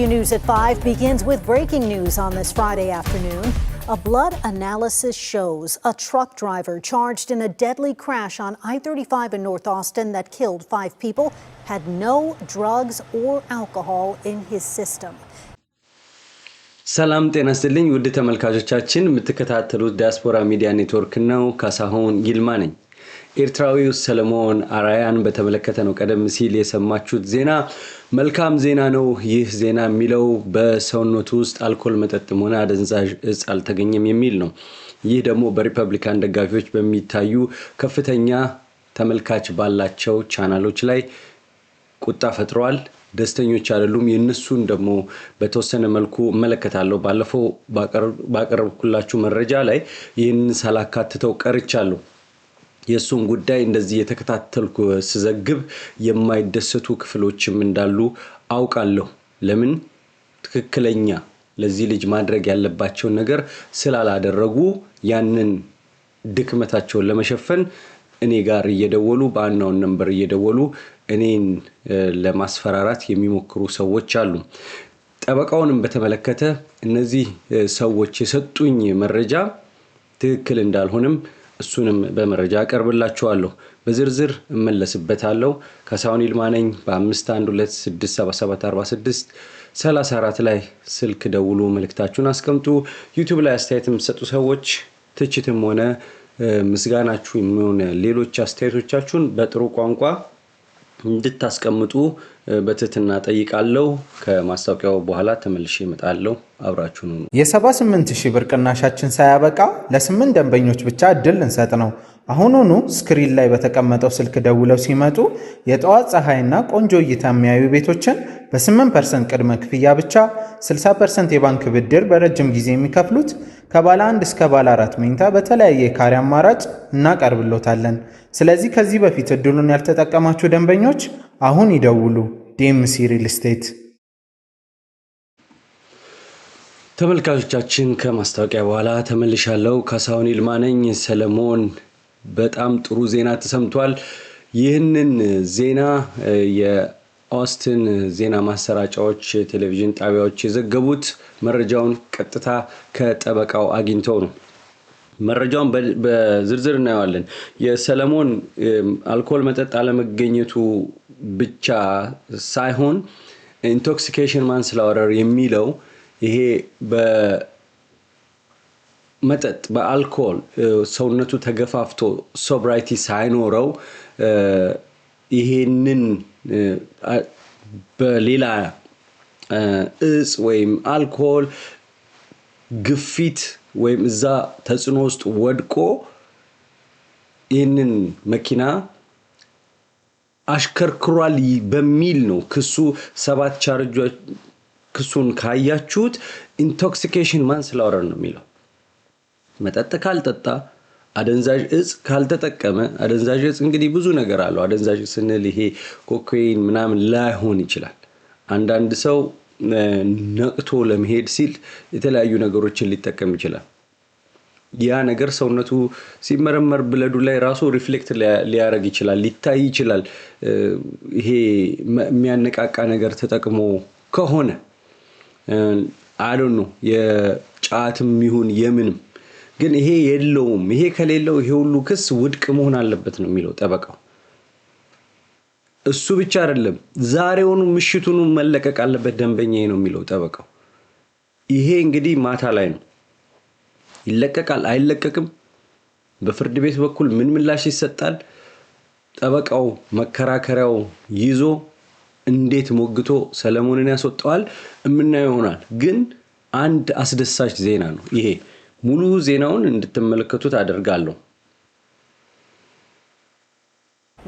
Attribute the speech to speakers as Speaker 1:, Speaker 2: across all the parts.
Speaker 1: W News at 5 begins with breaking news on this Friday afternoon. A blood analysis shows a truck driver charged in a deadly crash on I 35 in North Austin that killed five people had no drugs or alcohol in his system.
Speaker 2: ሰላም ጤና ስጥልኝ ውድ ተመልካቾቻችን የምትከታተሉት ዲያስፖራ ሚዲያ ኔትወርክ ነው። ካሳሁን ይልማ ነኝ። ኤርትራዊው ሰለሞን አራያን በተመለከተ ነው። ቀደም ሲል የሰማችሁት ዜና መልካም ዜና ነው። ይህ ዜና የሚለው በሰውነቱ ውስጥ አልኮል መጠጥም ሆነ አደንዛዥ እጽ አልተገኘም የሚል ነው። ይህ ደግሞ በሪፐብሊካን ደጋፊዎች በሚታዩ ከፍተኛ ተመልካች ባላቸው ቻናሎች ላይ ቁጣ ፈጥረዋል። ደስተኞች አይደሉም። የእነሱን ደግሞ በተወሰነ መልኩ እመለከታለሁ። ባለፈው ባቀረብኩላችሁ መረጃ ላይ ይህንን ሳላካትተው ቀርቻለሁ። የእሱን ጉዳይ እንደዚህ የተከታተልኩ ስዘግብ የማይደሰቱ ክፍሎችም እንዳሉ አውቃለሁ። ለምን ትክክለኛ ለዚህ ልጅ ማድረግ ያለባቸውን ነገር ስላላደረጉ ያንን ድክመታቸውን ለመሸፈን እኔ ጋር እየደወሉ በአናውን ነንበር እየደወሉ እኔን ለማስፈራራት የሚሞክሩ ሰዎች አሉ። ጠበቃውንም በተመለከተ እነዚህ ሰዎች የሰጡኝ መረጃ ትክክል እንዳልሆንም እሱንም በመረጃ አቀርብላችኋለሁ። በዝርዝር እመለስበታለሁ። ካሳሁን ይልማ ነኝ። በአምስት አንድ ላይ ስልክ ደውሉ፣ መልእክታችሁን አስቀምጡ። ዩቱብ ላይ አስተያየት የምትሰጡ ሰዎች ትችትም ሆነ ምስጋናችሁ የሚሆን ሌሎች አስተያየቶቻችሁን በጥሩ ቋንቋ እንድታስቀምጡ በትህትና ጠይቃለሁ። ከማስታወቂያው በኋላ ተመልሼ እመጣለሁ። አብራችሁ ነው።
Speaker 3: የ78 ሺህ ብር ቅናሻችን ሳያበቃ ለስምንት ደንበኞች ብቻ እድል እንሰጥ ነው። አሁኑኑ ስክሪን ላይ በተቀመጠው ስልክ ደውለው ሲመጡ የጠዋት ፀሐይና ቆንጆ እይታ የሚያዩ ቤቶችን በ8% ቅድመ ክፍያ ብቻ 60% የባንክ ብድር በረጅም ጊዜ የሚከፍሉት ከባለ 1 እስከ ባለ 4 መኝታ በተለያየ የካሬ አማራጭ እናቀርብሎታለን። ስለዚህ ከዚህ በፊት እድሉን ያልተጠቀማችሁ ደንበኞች አሁን ይደውሉ። ዲኤምሲ ሪል ስቴት።
Speaker 2: ተመልካቾቻችን ከማስታወቂያ በኋላ ተመልሻለሁ። ካሳሁን ይልማ ነኝ። ሰለሞን በጣም ጥሩ ዜና ተሰምቷል። ይህንን ዜና የኦስትን ዜና ማሰራጫዎች ቴሌቪዥን ጣቢያዎች የዘገቡት መረጃውን ቀጥታ ከጠበቃው አግኝተው ነው። መረጃውን በዝርዝር እናየዋለን። የሰለሞን አልኮል መጠጥ አለመገኘቱ ብቻ ሳይሆን ኢንቶክሲኬሽን ማንስላወረር የሚለው ይሄ መጠጥ በአልኮል ሰውነቱ ተገፋፍቶ ሶብራይቲ ሳይኖረው ይሄንን በሌላ እጽ ወይም አልኮል ግፊት ወይም እዛ ተጽዕኖ ውስጥ ወድቆ ይህንን መኪና አሽከርክሯል በሚል ነው ክሱ ሰባት ቻርጆች ክሱን ካያችሁት ኢንቶክሲኬሽን ማን ስላወረር ነው የሚለው መጠጥ ካልጠጣ አደንዛዥ እጽ ካልተጠቀመ አደንዛዥ እጽ እንግዲህ ብዙ ነገር አለው። አደንዛዥ ስንል ይሄ ኮካይን ምናምን ላይሆን ይችላል። አንዳንድ ሰው ነቅቶ ለመሄድ ሲል የተለያዩ ነገሮችን ሊጠቀም ይችላል። ያ ነገር ሰውነቱ ሲመረመር ብለዱ ላይ ራሱ ሪፍሌክት ሊያደርግ ይችላል፣ ሊታይ ይችላል። ይሄ የሚያነቃቃ ነገር ተጠቅሞ ከሆነ አይ ነው የጫትም ይሁን የምንም ግን ይሄ የለውም። ይሄ ከሌለው ይሄ ሁሉ ክስ ውድቅ መሆን አለበት ነው የሚለው ጠበቃው። እሱ ብቻ አይደለም፣ ዛሬውኑ ምሽቱኑ መለቀቅ አለበት ደንበኛ ነው የሚለው ጠበቃው። ይሄ እንግዲህ ማታ ላይ ነው ይለቀቃል አይለቀቅም፣ በፍርድ ቤት በኩል ምን ምላሽ ይሰጣል፣ ጠበቃው መከራከሪያው ይዞ እንዴት ሞግቶ ሰለሞንን ያስወጠዋል የምናየው ይሆናል። ግን አንድ አስደሳች ዜና ነው ይሄ። ሙሉ ዜናውን እንድትመለከቱት አደርጋለሁ።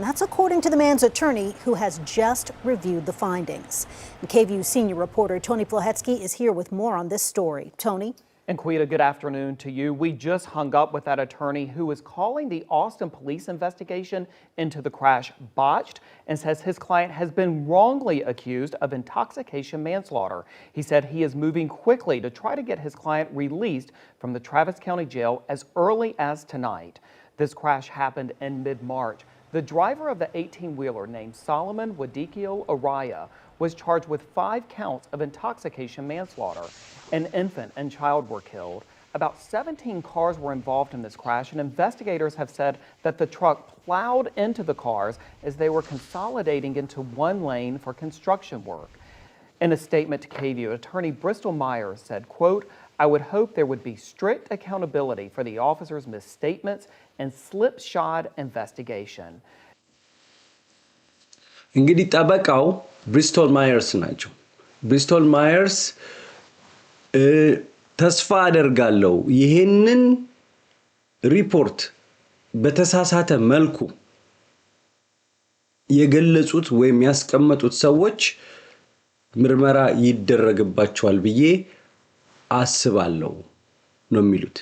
Speaker 1: That's according to the man's attorney, who has just reviewed the findings. And KVU senior reporter Tony Plahetsky is here with more on this story. Tony?
Speaker 4: And Quita, good afternoon to you. We just hung up with that attorney who is calling the Austin police investigation into the crash botched and says his client has been wrongly accused of intoxication manslaughter. He said he is moving quickly to try to get his client released from the Travis County Jail as early as tonight. This crash happened in mid March. The driver of the 18 wheeler named Solomon Wadikio Araya was charged with five counts of intoxication manslaughter. An infant and child were killed. About 17 cars were involved in this crash, and investigators have said that the truck plowed into the cars as they were consolidating into one lane for construction work. In a statement to KVU, attorney Bristol Myers said, quote, I would hope there would be strict accountability for the officer's misstatements and slipshod investigation.
Speaker 2: እንግዲህ ጠበቃው ብሪስቶል ማየርስ ናቸው። ብሪስቶል ማየርስ ተስፋ አደርጋለሁ ይህንን ሪፖርት በተሳሳተ መልኩ የገለጹት ወይም ያስቀመጡት ሰዎች ምርመራ ይደረግባቸዋል ብዬ አስባለሁ ነው የሚሉት።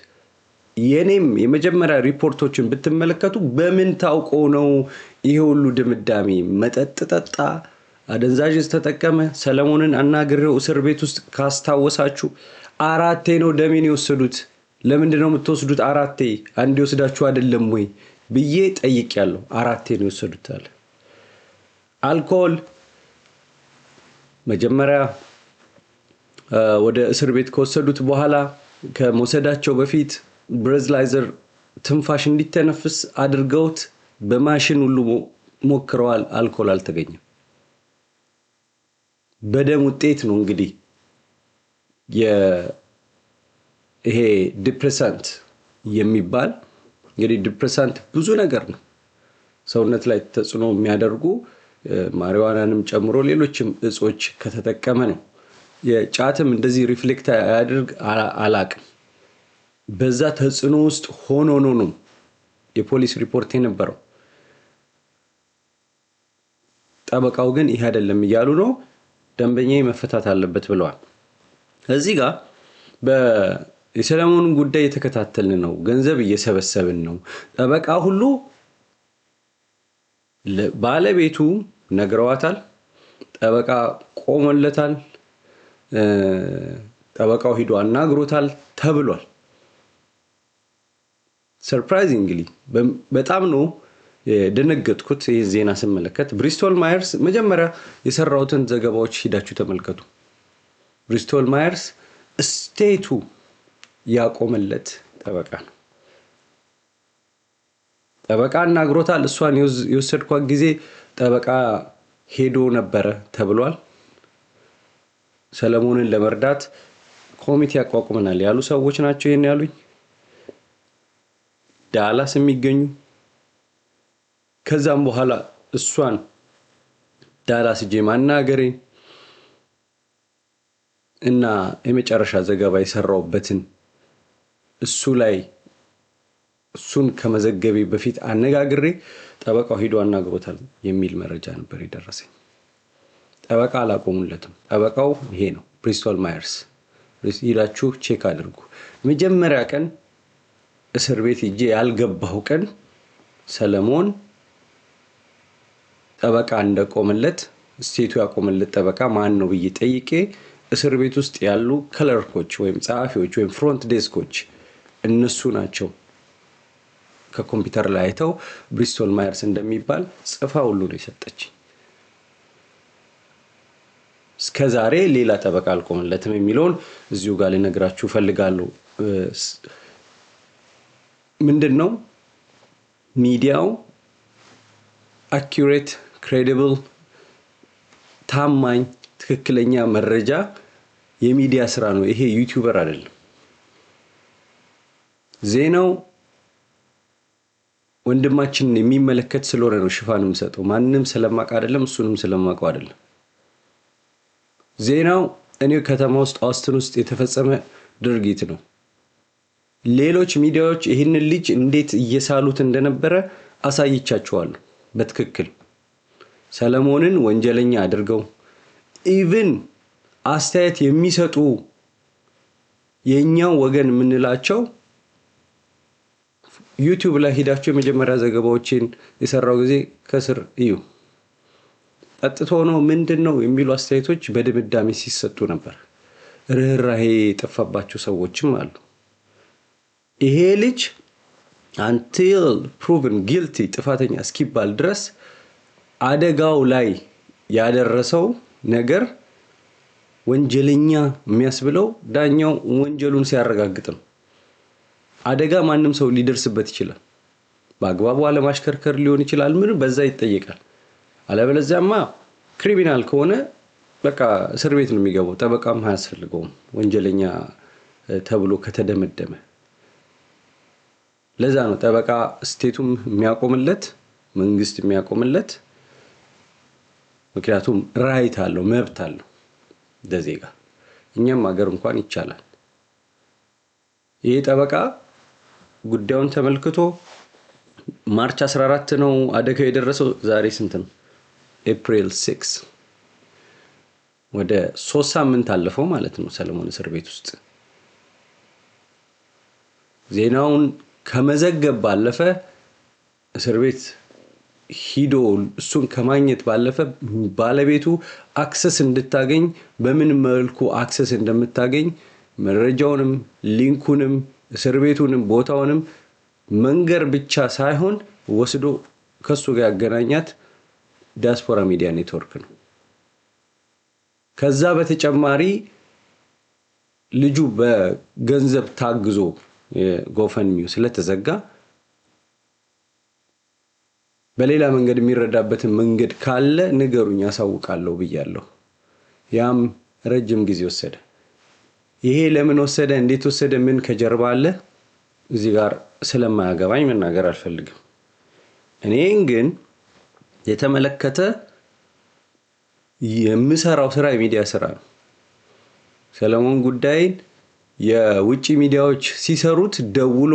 Speaker 2: የኔም የመጀመሪያ ሪፖርቶችን ብትመለከቱ በምን ታውቆ ነው ይሄ ሁሉ ድምዳሜ? መጠጥ ጠጣ፣ አደንዛዥ ተጠቀመ። ሰለሞንን አናግሬው እስር ቤት ውስጥ ካስታወሳችሁ አራቴ ነው ደሜን የወሰዱት። ለምንድን ነው የምትወስዱት አራቴ? አንድ የወስዳችሁ አይደለም ወይ ብዬ ጠይቄያለሁ። አራቴ ነው የወሰዱት አለ። አልኮል መጀመሪያ ወደ እስር ቤት ከወሰዱት በኋላ ከመውሰዳቸው በፊት ብሬዝላይዘር ትንፋሽ እንዲተነፍስ አድርገውት በማሽን ሁሉ ሞክረዋል። አልኮል አልተገኘም። በደም ውጤት ነው እንግዲህ ይሄ ዲፕሬሳንት የሚባል እንግዲህ ዲፕሬሳንት ብዙ ነገር ነው ሰውነት ላይ ተጽዕኖ የሚያደርጉ ማሪዋናንም ጨምሮ ሌሎችም እጾች ከተጠቀመ ነው። የጫትም እንደዚህ ሪፍሌክት አያደርግ አላቅም። በዛ ተጽዕኖ ውስጥ ሆኖ ነው ነው የፖሊስ ሪፖርት የነበረው። ጠበቃው ግን ይህ አይደለም እያሉ ነው። ደንበኛ መፈታት አለበት ብለዋል። እዚህ ጋር የሰለሞኑን ጉዳይ እየተከታተልን ነው፣ ገንዘብ እየሰበሰብን ነው። ጠበቃ ሁሉ ባለቤቱ ነግረዋታል። ጠበቃ ቆሞለታል። ጠበቃው ሂዶ አናግሮታል ተብሏል። ሰርፕራይዚንግሊ በጣም ነው ደነገጥኩት ይህ ዜና ስመለከት። ብሪስቶል ማየርስ መጀመሪያ የሰራውትን ዘገባዎች ሂዳችሁ ተመልከቱ። ብሪስቶል ማየርስ ስቴቱ ያቆመለት ጠበቃ ነው። ጠበቃ አናግሮታል። እሷን የወሰድኳት ጊዜ ጠበቃ ሄዶ ነበረ ተብሏል። ሰለሞንን ለመርዳት ኮሚቴ ያቋቁመናል ያሉ ሰዎች ናቸው ይህን ያሉኝ። ዳላስ የሚገኙ ከዛም በኋላ እሷን ዳላስ ጄማና ማናገሬ እና የመጨረሻ ዘገባ የሰራውበትን እሱ ላይ እሱን ከመዘገቤ በፊት አነጋግሬ ጠበቃው ሂዶ አናግሮታል የሚል መረጃ ነበር የደረሰኝ። ጠበቃ አላቆሙለትም። ጠበቃው ይሄ ነው፣ ብሪስቶል ማየርስ። ሂዳችሁ ቼክ አድርጉ። የመጀመሪያ ቀን እስር ቤት እጄ ያልገባው ቀን ሰለሞን ጠበቃ እንደቆመለት ሴቱ ያቆመለት ጠበቃ ማን ነው ብዬ ጠይቄ እስር ቤት ውስጥ ያሉ ክለርኮች ወይም ጸሐፊዎች ወይም ፍሮንት ዴስኮች እነሱ ናቸው ከኮምፒውተር ላይ አይተው ብሪስቶል ማየርስ እንደሚባል ጽፋ ሁሉ ነው የሰጠች። እስከ ዛሬ ሌላ ጠበቃ አልቆመለትም የሚለውን እዚሁ ጋር ልነግራችሁ እፈልጋለሁ። ምንድን ነው ሚዲያው አኪሬት ክሬዲብል ታማኝ ትክክለኛ መረጃ የሚዲያ ስራ ነው። ይሄ ዩቲዩበር አይደለም። ዜናው ወንድማችንን የሚመለከት ስለሆነ ነው ሽፋን የምሰጠው። ማንም ስለማቅ አይደለም፣ እሱንም ስለማውቀው አይደለም። ዜናው እኔ ከተማ ውስጥ አውስትን ውስጥ የተፈጸመ ድርጊት ነው። ሌሎች ሚዲያዎች ይህንን ልጅ እንዴት እየሳሉት እንደነበረ አሳይቻችኋለሁ። በትክክል ሰለሞንን ወንጀለኛ አድርገው ኢቭን አስተያየት የሚሰጡ የእኛው ወገን የምንላቸው ዩቲዩብ ላይ ሂዳቸው የመጀመሪያ ዘገባዎችን የሰራው ጊዜ ከስር እዩ። ጠጥቶ ነው ምንድን ነው የሚሉ አስተያየቶች በድምዳሜ ሲሰጡ ነበር። ርኅራሄ የጠፋባቸው ሰዎችም አሉ። ይሄ ልጅ አንቲል ፕሩቭን ጊልቲ ጥፋተኛ እስኪባል ድረስ አደጋው ላይ ያደረሰው ነገር ወንጀለኛ የሚያስብለው ዳኛው ወንጀሉን ሲያረጋግጥ ነው። አደጋ ማንም ሰው ሊደርስበት ይችላል። በአግባቡ አለማሽከርከር ሊሆን ይችላል። ምን በዛ ይጠየቃል። አለበለዚያማ ክሪሚናል ከሆነ በቃ እስር ቤት ነው የሚገባው። ጠበቃም አያስፈልገውም ወንጀለኛ ተብሎ ከተደመደመ ለዛ ነው ጠበቃ ስቴቱም የሚያቆምለት መንግስት የሚያቆምለት። ምክንያቱም ራይት አለው መብት አለው ለዜጋ። እኛም ሀገር እንኳን ይቻላል። ይህ ጠበቃ ጉዳዩን ተመልክቶ ማርች 14 ነው አደጋው የደረሰው። ዛሬ ስንት ነው? ኤፕሪል 6 ወደ ሶስት ሳምንት አለፈው ማለት ነው ሰለሞን እስር ቤት ውስጥ ዜናውን ከመዘገብ ባለፈ እስር ቤት ሂዶ እሱን ከማግኘት ባለፈ ባለቤቱ አክሰስ እንድታገኝ በምን መልኩ አክሰስ እንደምታገኝ መረጃውንም፣ ሊንኩንም፣ እስር ቤቱንም፣ ቦታውንም መንገር ብቻ ሳይሆን ወስዶ ከሱ ጋር ያገናኛት ዲያስፖራ ሚዲያ ኔትወርክ ነው። ከዛ በተጨማሪ ልጁ በገንዘብ ታግዞ ጎፈንሚው ስለተዘጋ በሌላ መንገድ የሚረዳበትን መንገድ ካለ ንገሩኝ፣ ያሳውቃለሁ ብያለሁ። ያም ረጅም ጊዜ ወሰደ። ይሄ ለምን ወሰደ፣ እንዴት ወሰደ፣ ምን ከጀርባ አለ፣ እዚህ ጋር ስለማያገባኝ መናገር አልፈልግም። እኔን ግን የተመለከተ የምሰራው ስራ የሚዲያ ስራ ነው። ሰለሞን ጉዳይን የውጭ ሚዲያዎች ሲሰሩት ደውሎ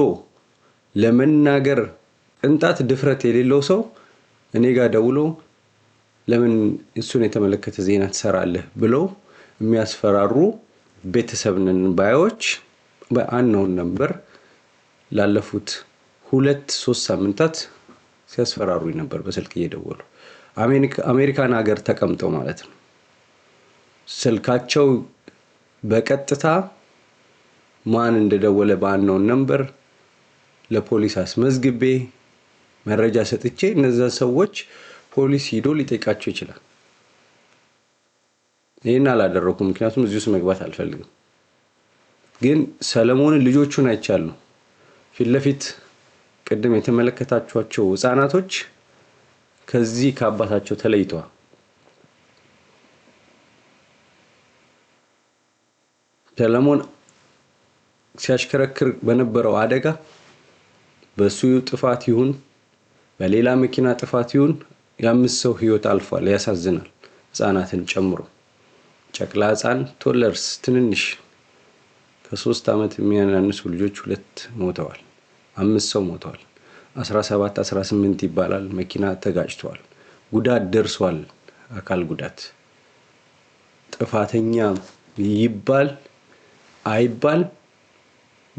Speaker 2: ለመናገር ቅንጣት ድፍረት የሌለው ሰው እኔ ጋር ደውሎ ለምን እሱን የተመለከተ ዜና ትሰራለህ ብለው የሚያስፈራሩ ቤተሰብንን ባዮች በአንነውን ነበር ላለፉት ሁለት ሶስት ሳምንታት ሲያስፈራሩ ነበር በስልክ እየደወሉ አሜሪካን ሀገር ተቀምጠው ማለት ነው። ስልካቸው በቀጥታ ማን እንደደወለ ባነውን ነንበር ለፖሊስ አስመዝግቤ መረጃ ሰጥቼ እነዛ ሰዎች ፖሊስ ሂዶ ሊጠይቃቸው ይችላል። ይህን አላደረኩም፣ ምክንያቱም እዚህ ውስጥ መግባት አልፈልግም። ግን ሰለሞንን ልጆቹን አይቻሉ ፊት ለፊት ቅድም የተመለከታችኋቸው ህፃናቶች ከዚህ ከአባታቸው ተለይተዋል። ሰለሞን ሲያሽከረክር በነበረው አደጋ በሱ ጥፋት ይሁን በሌላ መኪና ጥፋት ይሁን የአምስት ሰው ህይወት አልፏል። ያሳዝናል። ህፃናትን ጨምሮ ጨቅላ ህፃን ቶለርስ ትንንሽ ከሶስት ዓመት የሚያናንሱ ልጆች ሁለት ሞተዋል። አምስት ሰው ሞተዋል። 17 18 ይባላል። መኪና ተጋጭተዋል። ጉዳት ደርሷል። አካል ጉዳት ጥፋተኛ ይባል አይባል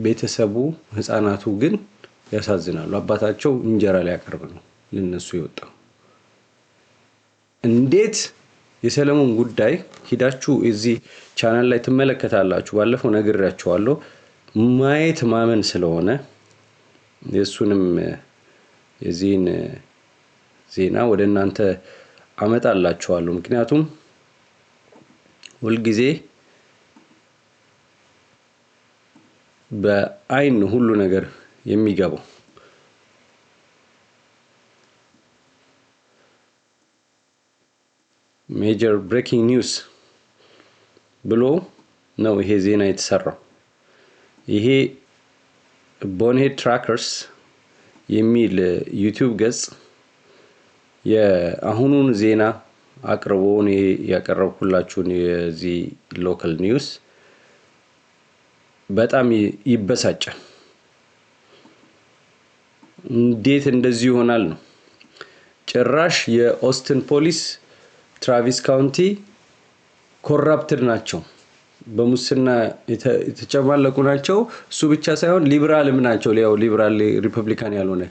Speaker 2: ቤተሰቡ ህፃናቱ ግን ያሳዝናሉ። አባታቸው እንጀራ ሊያቀርብ ነው ልነሱ የወጣው። እንዴት የሰለሞን ጉዳይ ሂዳችሁ እዚህ ቻናል ላይ ትመለከታላችሁ። ባለፈው ነግሬያችኋለሁ። ማየት ማመን ስለሆነ የእሱንም የዚህን ዜና ወደ እናንተ አመጣላችኋለሁ። ምክንያቱም ሁልጊዜ በአይን ሁሉ ነገር የሚገባው። ሜጀር ብሬኪንግ ኒውስ ብሎ ነው ይሄ ዜና የተሰራው። ይሄ ቦንሄድ ትራከርስ የሚል ዩቲዩብ ገጽ የአሁኑን ዜና አቅርቦን ያቀረብኩላችሁን የዚህ ሎካል ኒውስ በጣም ይበሳጫል። እንዴት እንደዚህ ይሆናል ነው። ጭራሽ የኦስትን ፖሊስ ትራቪስ ካውንቲ ኮራፕትድ ናቸው፣ በሙስና የተጨማለቁ ናቸው። እሱ ብቻ ሳይሆን ሊብራልም ናቸው። ያው ሊብራል ሪፐብሊካን ያልሆነ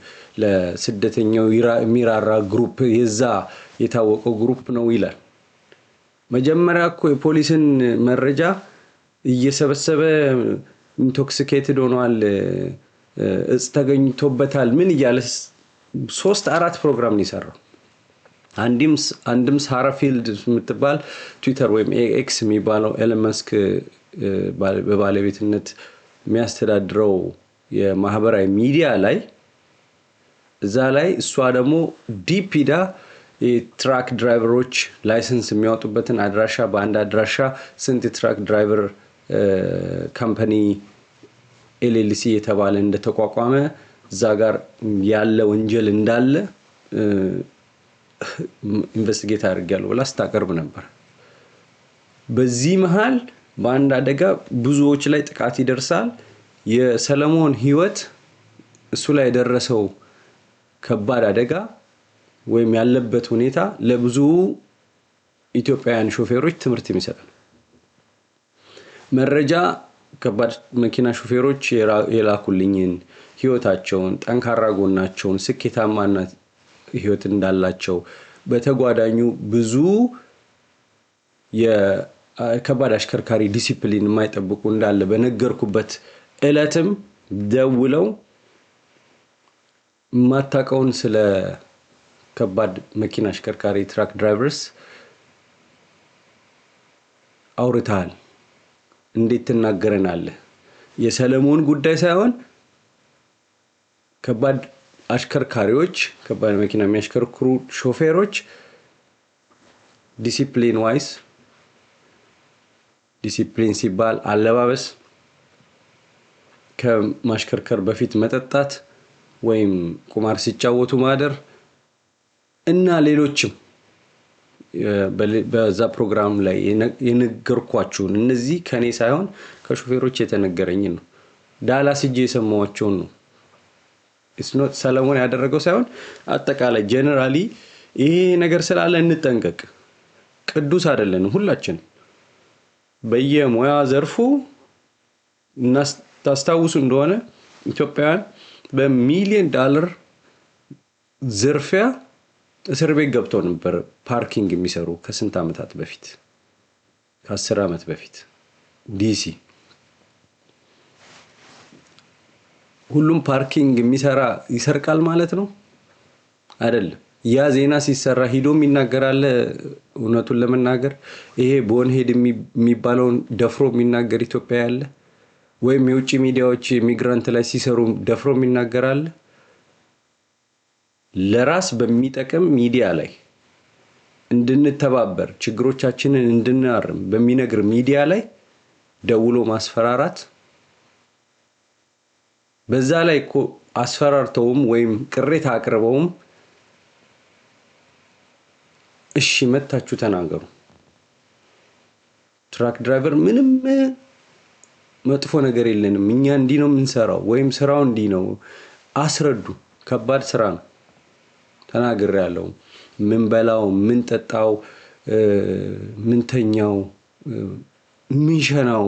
Speaker 2: ለስደተኛው የሚራራ ግሩፕ የዛ የታወቀው ግሩፕ ነው ይላል። መጀመሪያ እኮ የፖሊስን መረጃ እየሰበሰበ ኢንቶክሲኬትድ ሆኗል፣ እጽ ተገኝቶበታል፣ ምን እያለ ሶስት አራት ፕሮግራም ነው የሰራው። አንድም ሳራ ፊልድ የምትባል ትዊተር ወይም ኤክስ የሚባለው ኤለን መስክ በባለቤትነት የሚያስተዳድረው የማህበራዊ ሚዲያ ላይ እዛ ላይ እሷ ደግሞ ዲፕ ሂዳ የትራክ ድራይቨሮች ላይሰንስ የሚያወጡበትን አድራሻ በአንድ አድራሻ ስንት የትራክ ድራይቨር ካምፓኒ ኤልኤልሲ የተባለ እንደተቋቋመ እዛ ጋር ያለ ወንጀል እንዳለ ኢንቨስቲጌት አድርጌያለሁ ብላ ስታቀርብ ነበር። በዚህ መሀል በአንድ አደጋ ብዙዎች ላይ ጥቃት ይደርሳል። የሰለሞን ህይወት እሱ ላይ የደረሰው ከባድ አደጋ ወይም ያለበት ሁኔታ ለብዙ ኢትዮጵያውያን ሾፌሮች ትምህርት የሚሰጥ ነው። መረጃ ከባድ መኪና ሹፌሮች የላኩልኝን ህይወታቸውን፣ ጠንካራ ጎናቸውን፣ ስኬታማና ህይወት እንዳላቸው በተጓዳኙ ብዙ የከባድ አሽከርካሪ ዲሲፕሊን የማይጠብቁ እንዳለ በነገርኩበት እለትም ደውለው የማታውቀውን ስለ ከባድ መኪና አሽከርካሪ ትራክ ድራይቨርስ አውርተሃል እንዴት ትናገረናለህ? የሰለሞን ጉዳይ ሳይሆን ከባድ አሽከርካሪዎች፣ ከባድ መኪና የሚያሽከርክሩ ሾፌሮች ዲሲፕሊን ዋይስ ዲሲፕሊን ሲባል አለባበስ፣ ከማሽከርከር በፊት መጠጣት ወይም ቁማር ሲጫወቱ ማደር እና ሌሎችም በዛ ፕሮግራም ላይ የነገርኳችሁን እነዚህ ከኔ ሳይሆን ከሾፌሮች የተነገረኝ ነው። ዳላስ ሄጄ የሰማዋቸውን ነው። ስኖት ሰለሞን ያደረገው ሳይሆን አጠቃላይ ጀነራሊ ይሄ ነገር ስላለ እንጠንቀቅ። ቅዱስ አይደለንም ሁላችን በየሙያ ዘርፉ ታስታውሱ እንደሆነ ኢትዮጵያውያን በሚሊዮን ዳለር ዝርፊያ እስር ቤት ገብተው ነበር ፓርኪንግ የሚሰሩ ከስንት ዓመታት በፊት ከአስር ዓመት በፊት ዲሲ ሁሉም ፓርኪንግ የሚሰራ ይሰርቃል ማለት ነው አይደለም ያ ዜና ሲሰራ ሂዶም ይናገራለ? እውነቱን ለመናገር ይሄ ቦንሄድ የሚባለውን ደፍሮ የሚናገር ኢትዮጵያ ያለ ወይም የውጭ ሚዲያዎች ሚግራንት ላይ ሲሰሩ ደፍሮ የሚናገራለ ለራስ በሚጠቅም ሚዲያ ላይ እንድንተባበር ችግሮቻችንን እንድናርም በሚነግር ሚዲያ ላይ ደውሎ ማስፈራራት በዛ ላይ እኮ አስፈራርተውም ወይም ቅሬታ አቅርበውም እሺ መታችሁ ተናገሩ። ትራክ ድራይቨር ምንም መጥፎ ነገር የለንም፣ እኛ እንዲህ ነው የምንሰራው ወይም ስራው እንዲህ ነው። አስረዱ። ከባድ ስራ ነው። ተናግሬያለሁ። ምንበላው፣ ምንጠጣው፣ ምንተኛው፣ ምንሸናው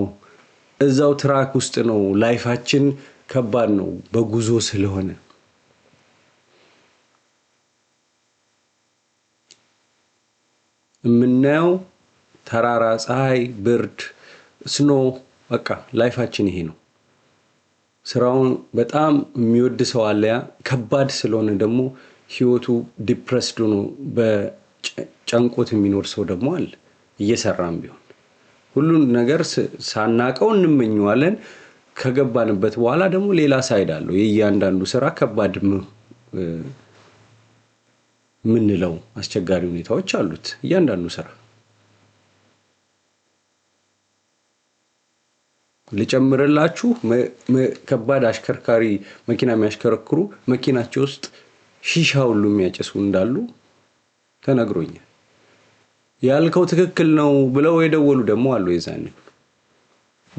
Speaker 2: እዛው ትራክ ውስጥ ነው። ላይፋችን ከባድ ነው በጉዞ ስለሆነ የምናየው ተራራ፣ ፀሐይ፣ ብርድ፣ ስኖ በቃ ላይፋችን ይሄ ነው። ስራውን በጣም የሚወድ ሰው አለያ ከባድ ስለሆነ ደግሞ ህይወቱ ዲፕረስድ ሆኖ በጨንቆት የሚኖር ሰው ደግሞ አለ። እየሰራም ቢሆን ሁሉን ነገር ሳናቀው እንመኘዋለን። ከገባንበት በኋላ ደግሞ ሌላ ሳይድ አለው። የእያንዳንዱ ስራ ከባድ ምንለው አስቸጋሪ ሁኔታዎች አሉት። እያንዳንዱ ስራ ልጨምርላችሁ፣ ከባድ አሽከርካሪ መኪና የሚያሽከረክሩ መኪናቸው ውስጥ ሺሻ ሁሉ የሚያጨሱ እንዳሉ ተነግሮኛል። ያልከው ትክክል ነው ብለው የደወሉ ደግሞ አሉ። የዛን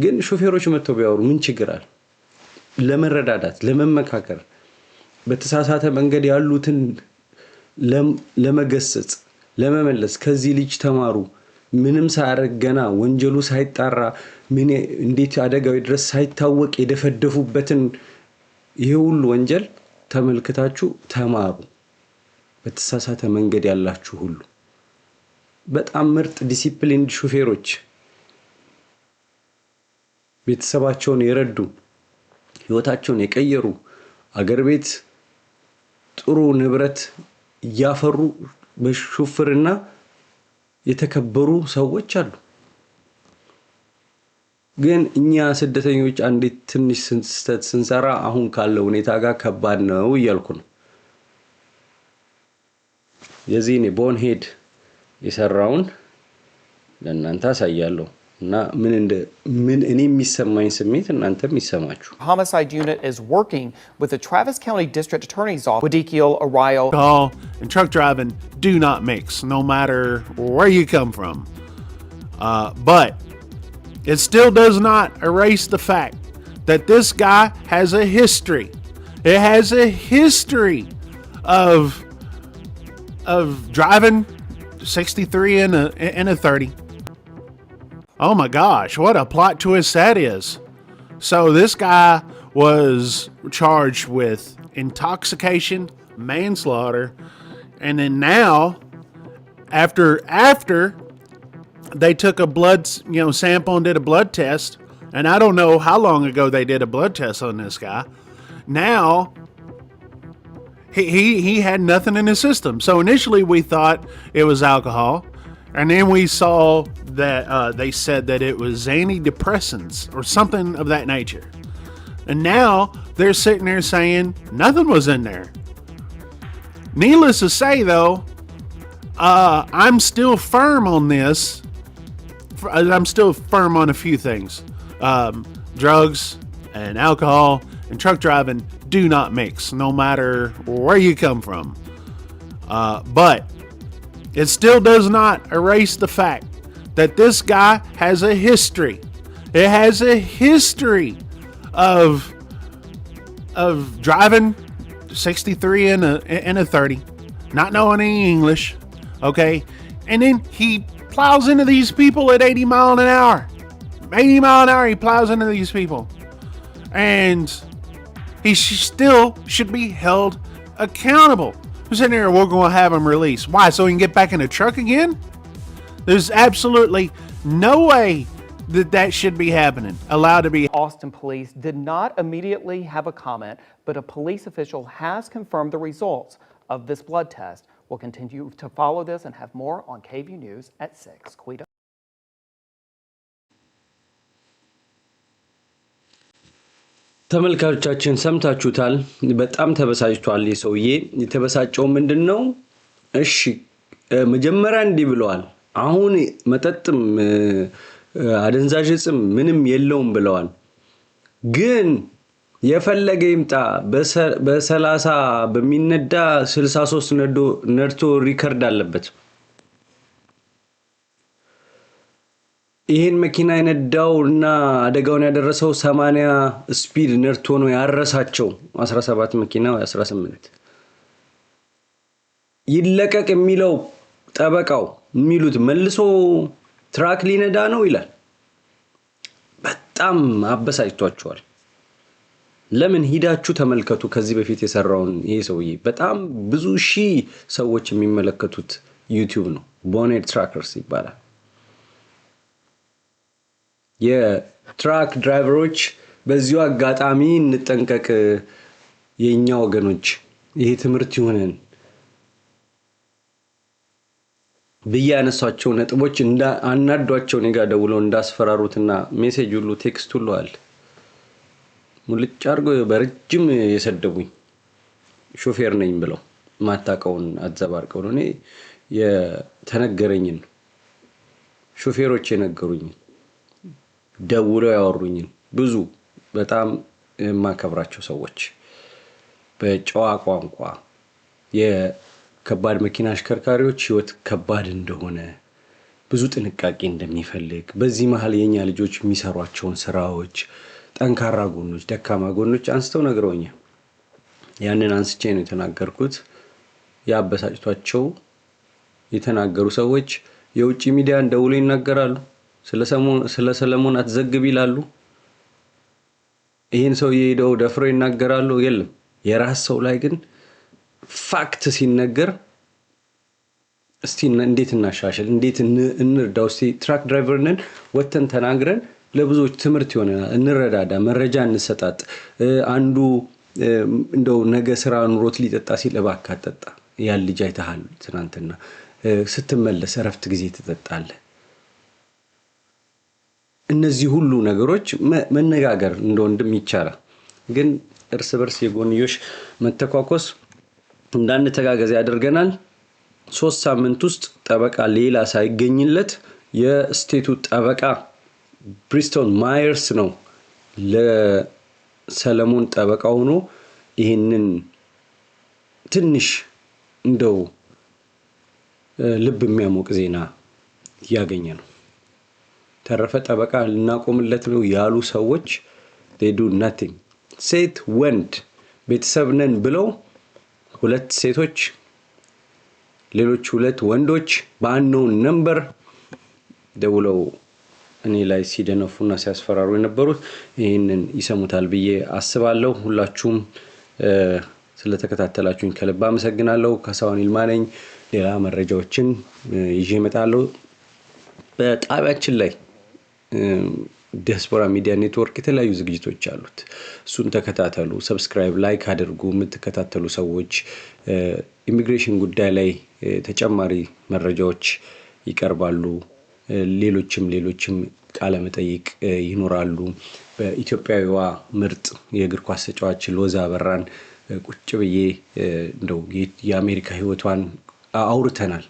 Speaker 2: ግን ሾፌሮች መጥተው ቢያወሩ ምን ችግር አለ? ለመረዳዳት፣ ለመመካከር፣ በተሳሳተ መንገድ ያሉትን ለመገሰጽ፣ ለመመለስ ከዚህ ልጅ ተማሩ ምንም ሳያደርግ ገና ወንጀሉ ሳይጣራ ምን እንዴት አደጋዊ ድረስ ሳይታወቅ የደፈደፉበትን ይሄ ሁሉ ወንጀል ተመልክታችሁ ተማሩ። በተሳሳተ መንገድ ያላችሁ ሁሉ በጣም ምርጥ ዲሲፕሊንድ ሹፌሮች፣ ቤተሰባቸውን የረዱ ህይወታቸውን የቀየሩ አገር ቤት ጥሩ ንብረት እያፈሩ በሹፍርና የተከበሩ ሰዎች አሉ። ግን እኛ ስደተኞች አንዲት ትንሽ ስህተት ስንሰራ አሁን ካለው ሁኔታ ጋር ከባድ ነው እያልኩ ነው። ቦን ሄድ የሰራውን ለእናንተ አሳያለሁ እና ምን እንደ ምን እኔ የሚሰማኝ ስሜት እናንተም ይሰማችሁ።
Speaker 4: Homicide unit is working with the Travis County District Attorney's Office. Wadikio Arroyo.
Speaker 5: Call and truck driving do not mix no matter where you come from. Uh, but it still does not erase the fact that this guy has a history. It has a history of of driving 63 in a in a 30. Oh my gosh, what a plot twist that is. So this guy was charged with intoxication, manslaughter, and then now after after they took a blood, you know, sample and did a blood test. And I don't know how long ago they did a blood test on this guy. Now he, he, he had nothing in his system. So initially we thought it was alcohol. And then we saw that uh, they said that it was antidepressants or something of that nature. And now they're sitting there saying nothing was in there. Needless to say, though, uh, I'm still firm on this uh, I'm still firm on a few things. Um, drugs and alcohol and truck driving do not mix, no matter where you come from. Uh, but it still does not erase the fact that this guy has a history. It has a history of of driving 63 and a and a 30, not knowing any English. Okay, and then he plows into these people at 80 mile an hour. 80 mile an hour, he plows into these people. And he still should be held accountable. Who's in there? here, we're going to have him released. Why? So he can get back in the truck again? There's absolutely no way that that should be happening, allowed to be.
Speaker 4: Austin police did not immediately have a comment, but a police official has confirmed the results of this blood test. We'll continue to follow this and have more on KVU News at 6. Quita.
Speaker 2: ተመልካቾቻችን ሰምታችሁታል። በጣም ተበሳጭቷል። የሰውዬ የተበሳጨው ምንድን ነው? እሺ መጀመሪያ እንዲህ ብለዋል። አሁን መጠጥም አደንዛዥ እጽም ምንም የለውም ብለዋል ግን የፈለገ ይምጣ በሰላሳ በሚነዳ ስልሳ ሶስት ነድቶ ሪከርድ አለበት። ይህን መኪና የነዳው እና አደጋውን ያደረሰው ሰማንያ ስፒድ ነርቶ ነው ያረሳቸው 17 መኪና 18 ይለቀቅ የሚለው ጠበቃው የሚሉት መልሶ ትራክ ሊነዳ ነው ይላል። በጣም አበሳጭቷቸዋል። ለምን ሂዳችሁ ተመልከቱ። ከዚህ በፊት የሰራውን ይሄ ሰውዬ በጣም ብዙ ሺህ ሰዎች የሚመለከቱት ዩቲዩብ ነው። ቦኔድ ትራከርስ ይባላል። የትራክ ድራይቨሮች በዚሁ አጋጣሚ እንጠንቀቅ። የእኛ ወገኖች ይሄ ትምህርት ይሆነን ብዬ ያነሷቸው ነጥቦች አናዷቸው እኔ ጋ ደውለው እንዳስፈራሩትና ሜሴጅ ሁሉ ቴክስት ሁሉ አለ ሙልጭ አድርጎ በረጅም የሰደቡኝ ሾፌር ነኝ ብለው ማታቀውን አዘባርቀው ነው። እኔ የተነገረኝን ሾፌሮች የነገሩኝን ደውለው ያወሩኝን ብዙ በጣም የማከብራቸው ሰዎች በጨዋ ቋንቋ የከባድ መኪና አሽከርካሪዎች ሕይወት ከባድ እንደሆነ ብዙ ጥንቃቄ እንደሚፈልግ በዚህ መሀል የኛ ልጆች የሚሰሯቸውን ስራዎች ጠንካራ ጎኖች፣ ደካማ ጎኖች አንስተው ነግረውኛል። ያንን አንስቼ ነው የተናገርኩት። ያበሳጭቷቸው የተናገሩ ሰዎች የውጭ ሚዲያ እንደውሎ ይናገራሉ። ስለ ሰለሞን አትዘግብ ይላሉ። ይህን ሰው ሄደው ደፍሮ ይናገራሉ። የለም የራስ ሰው ላይ ግን ፋክት ሲነገር እስቲ እንዴት እናሻሽል፣ እንዴት እንርዳው፣ እስቲ ትራክ ድራይቨርንን ወተን ተናግረን ለብዙዎች ትምህርት ይሆነናል። እንረዳዳ፣ መረጃ እንሰጣጥ። አንዱ እንደው ነገ ስራ ኑሮት ሊጠጣ ሲል እባክህ አትጠጣ፣ ያን ልጅ አይተሃል ትናንትና፣ ስትመለስ እረፍት ጊዜ ትጠጣለህ። እነዚህ ሁሉ ነገሮች መነጋገር እንደ ወንድም ይቻላል። ግን እርስ በርስ የጎንዮሽ መተኳኮስ እንዳንተጋገዝ ያደርገናል። ሶስት ሳምንት ውስጥ ጠበቃ ሌላ ሳይገኝለት የስቴቱ ጠበቃ ብሪስቶል ማየርስ ነው ለሰለሞን ጠበቃ ሆኖ ይህንን ትንሽ እንደው ልብ የሚያሞቅ ዜና እያገኘ ነው። ተረፈ ጠበቃ ልናቆምለት ነው ያሉ ሰዎች ዱ ናቲንግ። ሴት ወንድ ቤተሰብ ነን ብለው ሁለት ሴቶች፣ ሌሎች ሁለት ወንዶች በአንነውን ነንበር ደውለው እኔ ላይ ሲደነፉና ሲያስፈራሩ የነበሩት ይህንን ይሰሙታል ብዬ አስባለሁ። ሁላችሁም ስለተከታተላችሁኝ ከልብ አመሰግናለሁ። ከሳሁን ይልማ ነኝ። ሌላ መረጃዎችን ይዤ እመጣለሁ። በጣቢያችን ላይ ዲያስፖራ ሚዲያ ኔትወርክ የተለያዩ ዝግጅቶች አሉት። እሱን ተከታተሉ፣ ሰብስክራይብ፣ ላይክ አድርጉ። የምትከታተሉ ሰዎች ኢሚግሬሽን ጉዳይ ላይ ተጨማሪ መረጃዎች ይቀርባሉ። ሌሎችም ሌሎችም ቃለመጠይቅ ይኖራሉ። በኢትዮጵያዊዋ ምርጥ የእግር ኳስ ተጫዋች ሎዛ በራን ቁጭ ብዬ እንደው የአሜሪካ ሕይወቷን አውርተናል።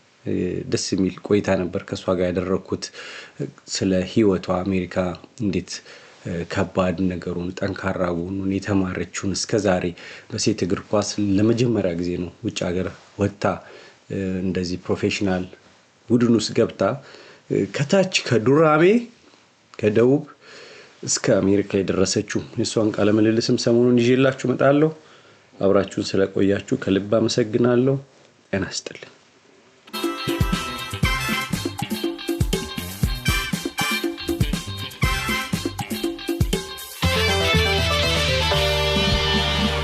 Speaker 2: ደስ የሚል ቆይታ ነበር ከእሷ ጋር ያደረግኩት። ስለ ሕይወቷ አሜሪካ እንዴት ከባድ ነገሩን፣ ጠንካራ ጎኑን፣ የተማረችውን እስከዛሬ በሴት እግር ኳስ ለመጀመሪያ ጊዜ ነው ውጭ ሀገር ወጥታ እንደዚህ ፕሮፌሽናል ቡድን ውስጥ ገብታ ከታች ከዱራሜ ከደቡብ እስከ አሜሪካ የደረሰችው የእሷን ቃለ ምልልስም ሰሞኑን ይዤላችሁ እመጣለሁ። አብራችሁን ስለቆያችሁ ከልብ አመሰግናለሁ። ጤና ይስጥልኝ።